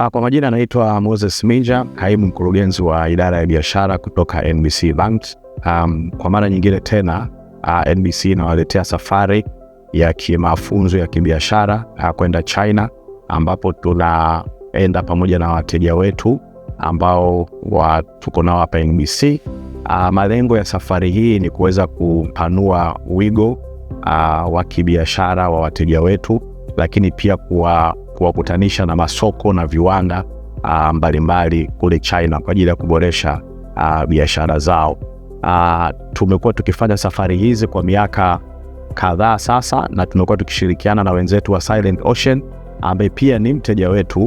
Ah, kwa majina anaitwa Moses Minja, kaimu mkurugenzi wa idara ya biashara kutoka NBC Bank. Um, kwa mara nyingine tena uh, ah, NBC inawaletea safari ya kimafunzo ya kibiashara uh, kwenda China ambapo tunaenda pamoja na wateja wetu ambao tuko nao hapa NBC. Uh, malengo ya safari hii ni kuweza kupanua wigo uh, wa kibiashara wa wateja wetu, lakini pia kuwa kuwakutanisha na masoko na viwanda uh, mbalimbali kule China kwa ajili ya kuboresha uh, biashara zao. Uh, tumekuwa tukifanya safari hizi kwa miaka kadhaa sasa, na tumekuwa tukishirikiana na wenzetu wa Silent Ocean ambaye pia ni mteja wetu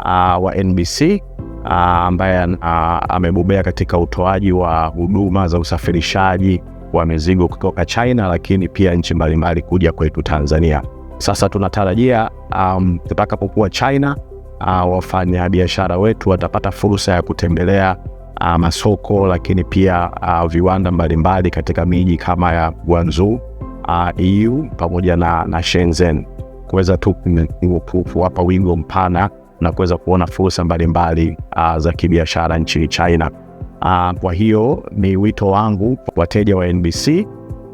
uh, wa NBC uh, ambaye uh, amebobea katika utoaji wa huduma za usafirishaji wa mizigo kutoka China, lakini pia nchi mbalimbali kuja kwetu Tanzania. Sasa tunatarajia um, tutakapokuwa China uh, wafanyabiashara wetu watapata fursa ya kutembelea uh, masoko lakini pia uh, viwanda mbalimbali katika miji kama ya Guangzhou uh, EU pamoja na, na Shenzhen kuweza tu kuwapa wigo mpana na kuweza kuona fursa mbalimbali uh, za kibiashara nchini China. Uh, kwa hiyo ni wito wangu wateja wa NBC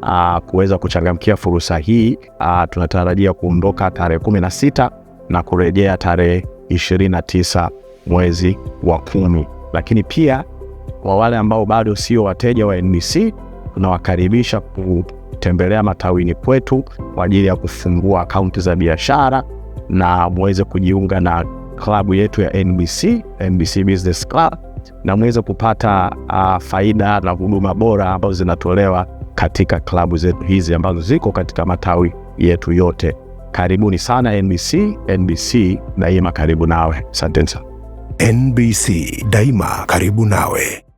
Ah, kuweza kuchangamkia fursa hii. Ah, tunatarajia kuondoka tarehe 16 na kurejea tarehe 29 mwezi wa kumi, lakini pia kwa wale ambao bado sio wateja wa NBC tunawakaribisha kutembelea matawini kwetu kwa ajili ya kufungua akaunti za biashara na muweze kujiunga na klabu yetu ya NBC, NBC Business Club na muweze kupata uh, faida na huduma bora ambazo zinatolewa katika klabu zetu hizi ambazo ziko katika matawi yetu yote. Karibuni sana NBC. NBC daima karibu nawe. Asante sana. NBC daima karibu nawe.